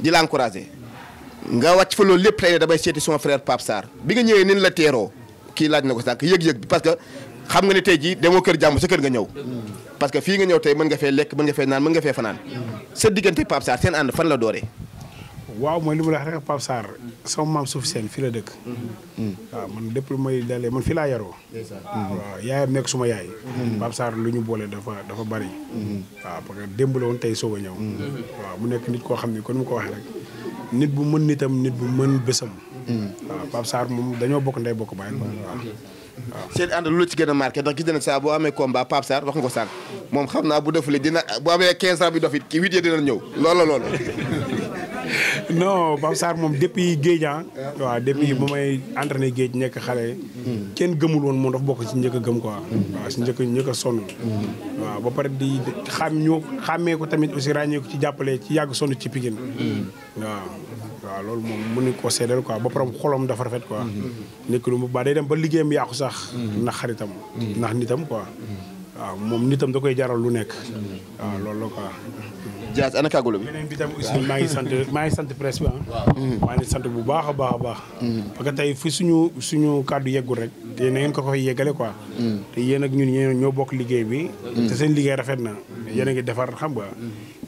di la encouragé nga wàcc fa loolu lépp tey damay seeti suma frère Pape Sarr bi nga ñëwee nin la teeroo kii laaj na ko sànq yëg-yëg bi parce que xam nga ne tey jii demoo kër jàmm sa kër nga ñëw parce que fii nga ñëw tey mën nga fee lekk mën nga fee naan mën nga fee fanaan sa diggante Pape Sarr seen ànd fan la dooree waaw mooy li mu la wax rek Pape Sarr sama maam suuf seen fii la dëkk mm-hmm. waaw man dëpp lu may dalee man fii laa yaroo mm-hmm. waaw yaayam nekk suma yaay mm-hmm. Pape Sarr lu ñu boole dafa dafa bari waaw parce que démb la tey soog ñëw waaw mu nekk nit koo xam ne kon mu ko waxee rek nit bu mën nitam nit bu mën bésam waaw Pape Sarr moom dañoo bokk ndey bokk bàyyi waaw waaw seen ànd lu la ci gën a marqué ndax gis nañ saa boo amee combat Pape Sarr wax nga ko sànq moom xam naa bu defulee dina bu amee 15 ans bi dofit ki huit ya dina ñëw loola loolu non Pape Sarr moom depuis géej ah. waaw depuis bu may entraîné géej nekk xale. kenn gëmul woon moom dafa bokk si njëkk a gëm ko waaw si njëkk njëkk a sonn. waaw ba pare di xam ñu xàmmee ko tamit aussi ràññeeku ci jàppale ci yàgg sonn ci Pikine. waaw waaw loolu moom mënuñ ko seedal ko ba pare xolam dafa rafet ko nekk lu mu ba day dem ba liggéeyam yàqu sax. ndax xaritam. ndax nitam ko waaw moom nitam da koy jaral lu nekk. waaw loolu la Diaz ana kàggulu bi. beneen bi tam aussi maa ngi sant maa ngi sant presse bi ah. maa ngi sant bu baax a baax a baax. parce que tey fi suñu suñu kàddu yeggul rek. te na ngeen ko koy yeggale quoi. Mm. te yéen ak ñun ñoo bokk liggéey bi. Mm. te seen liggéey rafet na. Mm. yéen a ngi defar xam nga.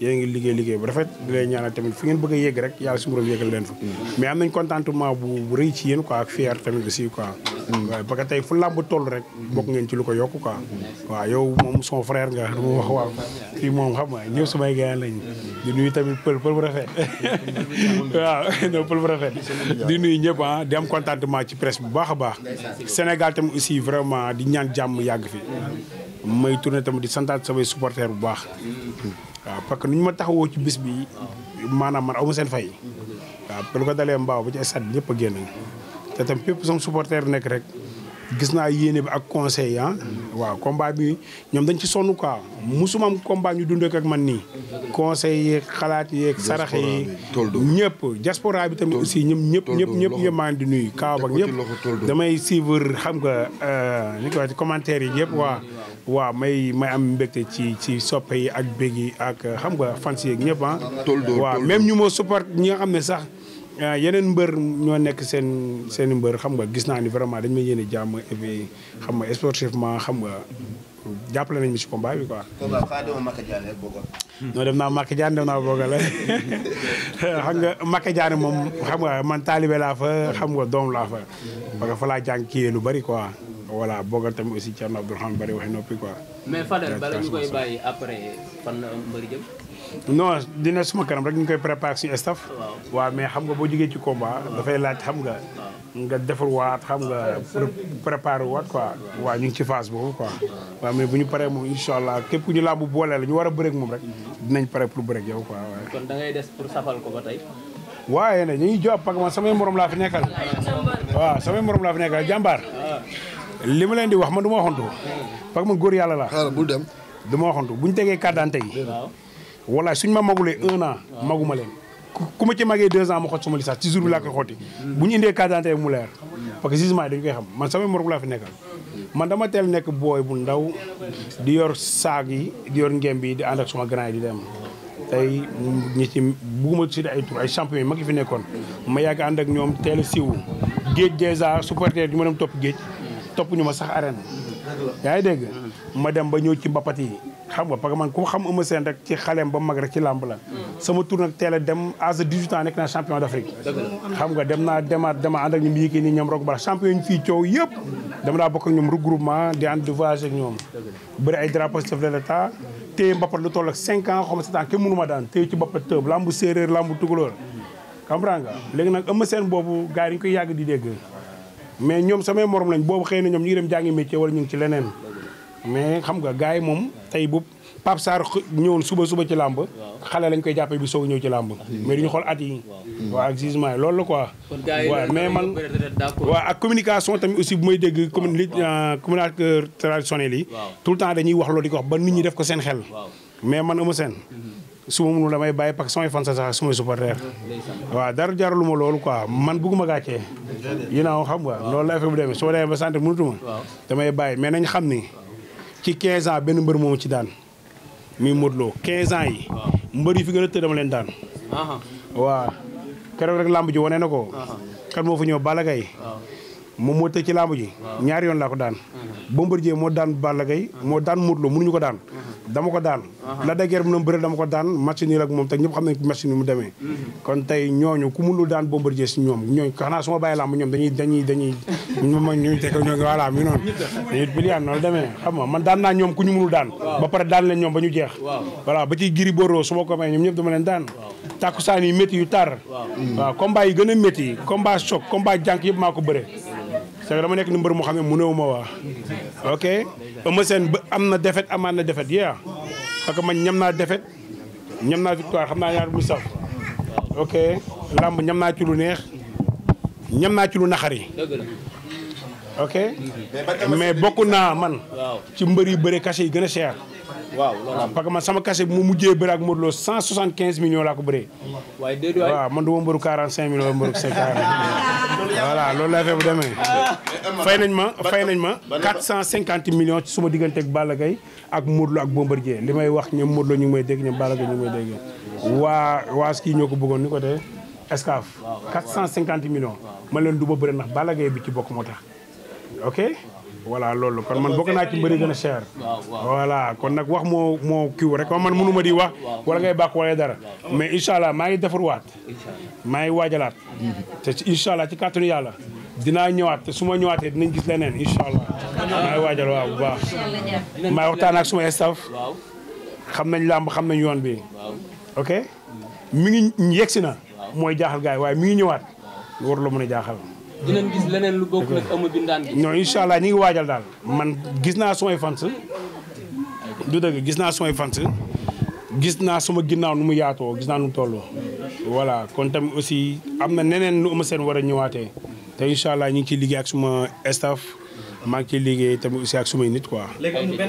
yéen a ngi liggéey liggéey bu rafet di leen ñaanal tamit fi ngeen bëgg a yegg rek yàlla suñu borom yeggal leen fa. mais am nañ contentement bu rëy ci yéen quoi ak fier tamit aussi quoi. waaw mm. parce que tey fu làmb toll rek bokk ngeen ci lu ko yokku quoi waaw yow moom soo frère nga du ma wax waaw kii moom xam nga ñëw samay gars lañ di nuyu tamit pël pël bu rafet rafet di nuyu ñëpp ah di am contentement ci presse bu baax a baax Sénégal tamit aussi vraiment di ñaan jàmm yàgg fi may tourné tamit di santaat samay supporters bu baax waaw parce que nu ñu ma taxawoo ci bis bi maanaam man aw ma seen fay waaw lu ko dalee mbaaw ba ci stade bi ñëpp a génn te tam fépp sama supporter nekk rek gis naa yéene bi ak conseil ah waaw combat bi ñoom dañ ci sonn quoi musuma am combat ñu dundee ak man nii conseil xalaat yeeg sarax yi ñëpp diaspora bi tamit aussi ñoom ñëpp ñëpp ñëpp ñëpp maa ngi di nuyu kaaw ak ñëpp damay suivre xam nga euh, ni ko ci commentaire yi yëpp waa waa may may am mbégte ci ci soppe yi ak bég yi ak xam nga fans yeeg ñëpp ah waaw même ñu ma support ñi nga ne sax Euh, yeneen mbër ñoo nekk seen seen mbër xam nga gis naa ni vraiment dañ may yéene jàmm et xam nga sportivement xam nga jàppale nañ ma si combat bi quoi. combat faa demoo Maka Diané ak Bogal. non naa Maka Diané dem naa Bogal xam nga Maka Diané moom xam nga man taalibe laa fa xam nga doom laa fa. parce que lu bari quoi. voilà Bogal tamit aussi fan la jëm. non dina suma kanam rek ñu koy préparé suñu staff. waa mais xam nga boo jógee ci combat. dafay laaj xam nga. nga defar waat xam nga prépare waat quoi. waa ñu ngi ci phase boobu ko waaw mais bu ñu paree moom incha allah képp ku ñu làmb boole la ñu war a bëreeg moom rek. dinañ pare pour bëreeg yow quoi waaye. des pour safal ko ba tey. waaye nag ñu ngi jox parce que man samay morom laa fi nekkal. waaw samay morom laa fi nekkal jàmbaar. Ah. li ma leen di wax man du ma waxantu. Hmm. parce que man góor yàlla laa. xaaral bul dem. du ma waxantu bu ñu tegee carte d'identité yi. wala suñ ma magulee un an maguma leen ku ma ci magee deux ans ma xot sama licence ci jour bi laa koy xotti bu ñu indee carte d'identité mu leer parce que jugement yi dañu koy xam man samay morog laa fi nekkal man dama teel nekk booy bu ndaw di yor saag yi di yor ngemb yi di ak suma grand yi di dem ñi ci bugguma si ay tur ay champion mag yi fi nekkoon ma yàgg ànd ak ñoom teel a siiw géej dèjà supporter ñu ma dem topp géej topp ñu ma sax arène yaa ngi dégg ma dem ba ñëw ci mbapat yi xam nga parce que man ku xam Eumeu Sène rek ci xaleem ba mag rek ci làmb la sama tour nag teel a dem à sa 18 ans nekk naa champion d'Afrique xam nga dem naa demaat dama ànd ak ñoom yiki nii ñoom rok bala champion ñu fii coow yëpp dama daa bokk ak ñoom regroupement di ànd di voyage ak ay drapeau chef de l'état téye mbappat lu toll ak 5 ans xaw ma kenn mënu daan téye ci mbappat tëb lambu séeréer lambu tugalóor comprends nga nag Eumeu Sène boobu gars yi ñu koy yàgg di dégg mais ñoom samay morom lañ boobu xëy na ñoom ñu ngi dem jàngi métier ñu ngi ci leneen mais xam nga gars yi moom tey bu Pape Sarr ñëwoon suba suba ci làmb xale lañ koy jàppee bi soog ñëw ci làmb ah, mais du ñu xool at yi waaw mm-hmm. ak jugement yi loolu la quoi waaw mais man waaw ak communication tamit aussi bu may dégg commune li euh, communicateur traditionnel le temps dañuy wax loolu ko wax ba nit ñi def mais man ama seen mm-hmm. su ma damay bàyyi parce que samay fan sa sax sumay supporter mm-hmm. waaw dara jaralu ma loolu quoi man bugguma gàccee yi naa xam nga loolu la affaire bu demee soo demee ba sant mënutuma damay bàyyi mais nañ xam ni ci quinze ans benn mbër moomu ci daan muy Modou Lo ans yi. mbër yi fi gën a tëdd dama daan. waaw keroog rek làmb ji wane na ko. kan moo fu ñëw balagay moom moo tëj ci làmb ji. ñaari yoon laa ko daan. mbër Bombardier moo daan Balla Gaye moo daan Modou Lo mënuñu ko daan. dama ko daan la daguère mu doon dama ko daan match yi la moom te ñëpp xam ne match ni mu demee mhm. kon tey ñooñu ku mënul daan Bombardier si ñoom ñoom dañuy dañuy dañuy ma ñuy teg ñoo voilà mi noonu dañuy demee xam nga man daan naa ñoom ku ñu mënul daan ba pare ñoom ba ñu jeex voilà ba ci Gris Bordeaux su ma ko may ñoom ñëpp dama leen daan tàkkusaan yu métti yu tar waaw combat yi gën a métti combat choc combat jànk yëpp maa ko bëre te dama nekk ni mbër mu xam ne mënoo ma waa ok Eumeu Sène ba am na défaite amaat na defet yaa parce que man ñam naa defet ñam naa victoire xam naa ñaar muy saf ok làmb ñam naa ci lu neex ñam naa ci lu naxari ok mais bokk naa man ci mbër yu bëre cachet yi gën a cher waaw parce que man sama cachet bi mu mujjee bëri ak Modou Lo 175 millions laa ko bëree. waaye déedéet waay waaw man du ma mbëru 45 millions mbëru 50. voilà loolu laa fee bu demee. Ah. fay nañ ma fay nañ ma 450 millions ci suma diggante ak Balla ak Modou Lo ak Bombardier li may wax ñoom Modou Lo ñu ngi may dégg ñoom Balla Gaye ñu may dégg. waa waa kii ñoo ko bëggoon ni ko tey Escaf. 450 millions. ma leen du ma bëri ndax Balla bi ci bokk moo tax ok. voilà loolu kon man bokk naa ci mbëri gën a cher. voilà kon nag wax moo moo kiiw rek man mënu ma di wax. wala ngay bàkk wala dara. mais incha allah maa ngi defarwaat. maa ngi waajalaat. te incha allah ci kàttanu yàlla. dinaa ñëwaat te su ma ñëwaatee dinañ gis leneen incha allah. waajal waaw bu baax. maa waxtaan ak suma staff. xam nañ lamb xam na yoon bi. ok mi ngi yegsi na. mooy jaaxal gars waaye mi ngi ñëwaat. waruloo mën a jaaxal. dinañ gis leneen lu bokk nag amu bindaan gi. non incha ngi waajal daal man gis naa sumay fans du dëgg gis naa sumay fans gis naa suma ginnaaw nu mu yaatoo gis naa nu mu tolloo kon tam aussi am na neneen nu Eumeu seen war a ñëwaatee te incha allah ñu ngi ciy liggéey ak suma staff maa ngi ciy liggéey tamit aussi ak sumay nit quoi. léegi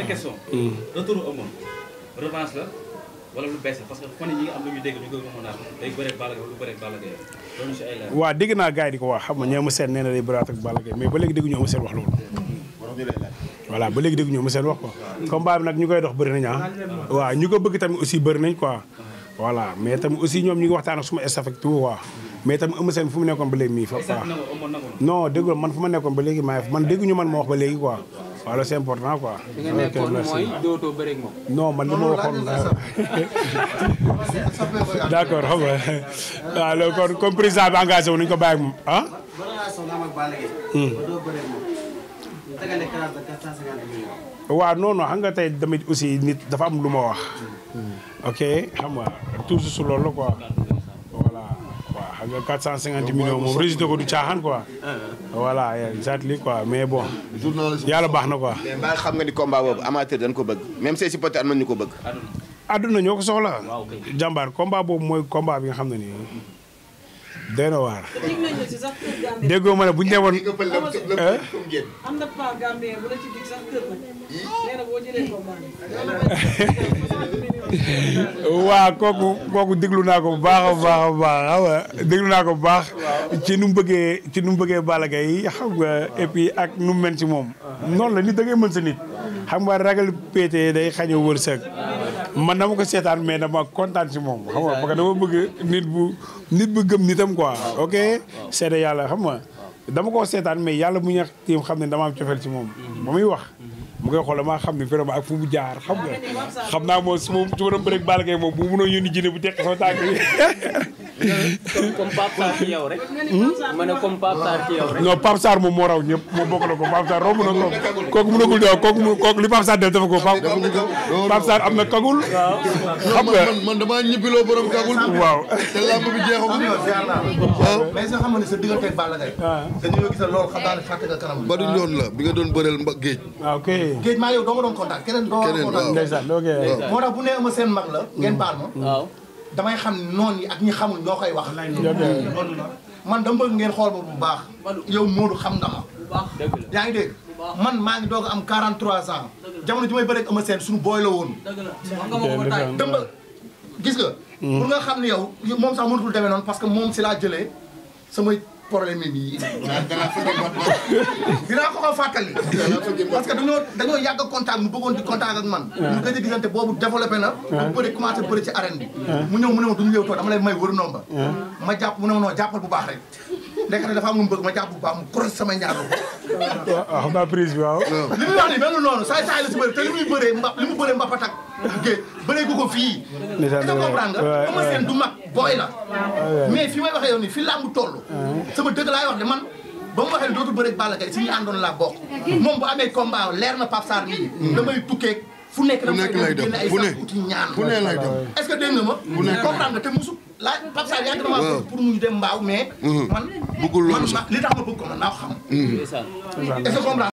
wala parce que fan yi nga dégg naa gars di ko wax xam nga ñoom seen nee na day bëraat ak Balla Gaye mais ba léegi dégg ñoom seen wax loolu. voilà ba léegi dégg ñoom seen wax quoi. combat bi nag ñu koy dox bëri nañ ah. waaw ñu ko bëgg tamit aussi bëri nañ quoi. voilà mais tamit aussi ñoom ñu ngi waxtaan ak suma staff ak mais itam Eumeu Sène mu nekkoon ba léegi mii fa. non déggul man fu ma nekkoon ba léegi maa man dégguñu man ma wax ba léegi quoi waaw loolu c'est important quoi. di nga nekkoon mooy dootoo bëreeg ma waxoon d'accord xam nga waaw comme président bi engagé wu nañu ko bàyyi ak moom ah. Hmm. waaw non non xam nga tey tamit aussi nit dafa am lu ma wax. Hmm. ok xam toujours su la quoi. ak 450 millions moom résultat ko du caaxaan quoi. voilà exactement quoi mais bon. yàlla baax na ko mais mbaa xam nga ni combat boobu amateur ko bëgg même say supporters am nañu ko bëgg. àdduna ñoo ko soxla. jàmbaar combat boobu mooy combat bi nga xam na nii. doy na waar. déggoo ma bu ñu waa kooku kooku déglu naa ko bu baax a baax baax xam nga naa ko bu baax. ci nu mu bëggee ci nu mu bëggee Balla Gaye xam ak nu mu ci moom. noonu la nit da ngay mën sa nit. xam nga ragal péete day xañ a wërsëg. man dama ko seetaan mais dama kontaan si moom xam nga parce que dama bëgg nit bu nit bu gëm nitam quoi ok seede yàlla xam nga dama ko seetaan mais yàlla mu ñax tiim xam ne dama am cofeel ci moom ba muy wax mu koy xool damaa xam ni vraiment ak fu mu jaar xam nga xam naa moo su ma su ma doon bëreeg Balla Gaye moom bu mënoo yónni jinne bu teq sama tànk comme Pape Sarr ci yow rek. Hmm? ma ne comme Pape Sarr ci yow rek. non Pape Sarr moom moo raw ñëpp moom bokk na ko Pape Sarr romb na ko kooku mu nagul daw kooku mu kooku li Pape Sarr def dafa ko Pape. Pape Sarr am na kagul. xam nga man man damaa ñibiloo borom kagul. waaw te lamb bi jeexagul. waaw mais sa xam nga ne sa diggante ak Balla Gaye. dañoo ah. gis loolu xam naa ne fàtte nga kanam. ba du yoon la bi nga doon bëreel mba géej. waaw ah, kay. géej maa yow doo nga doon contact keneen doo nga doon contact. keneen waaw ndeysaan moo tax bu nee ma seen mag la ngeen baal ma. waaw damay xam noonu yi ak ñi xamul ñoo koy wax. man dama bëgg ngeen xool ba bu baax. yow Modou xam na ma. yaa ngi man maa ngi doog am 43 ans. jamono ji may bëreeg Eumeu Sène suñu booy la woon. dëmba gis nga. pour nga xam ne yow moom sax mënatul demee noonu parce que moom si laa jëlee samay problème yi. dinaa ko ko fàttali. parce que dañoo dañoo yàgg contact mu bëggoon di contact ak man. waaw mu gëj a gisante boobu développé na. waaw bu bëri ci arène bi. mu ñëw mu ne ma du ñu yëw too dama lay may wër nomba. ma jàpp mu ne ma jàppal bu baax rek. ndekete dafa am mu bëgg ma jàpp bu baax mu cross sama ñaar waaw ah, ah, xam naa prise bi waaw. li muy wax nii mel noonu saay saay mu bëree mbapatak. bëree gu ko fii. dina comprendre nga. waaw waaw seen du mag booy la ah, ah, mais fi may waxee yow nii fi làmb toll ah, sama dëgg laay wax man ba mu waxee ne dootul bëre ak Balla Gaye si ñu àndoon laa bokk moom bu amee combat leer na Pape Sarr nii mm. damay tukkeeg fu nekk dama koy génne ay sax uti ñaan lay dem est que dégg nga ma comprendre nga te musu laaj Pape Sarr yàgg na maa bëgg pour dem mbaaw mais mm-hmm. man li tax ma bëgg ko man naa xam mm-hmm. est que comprendre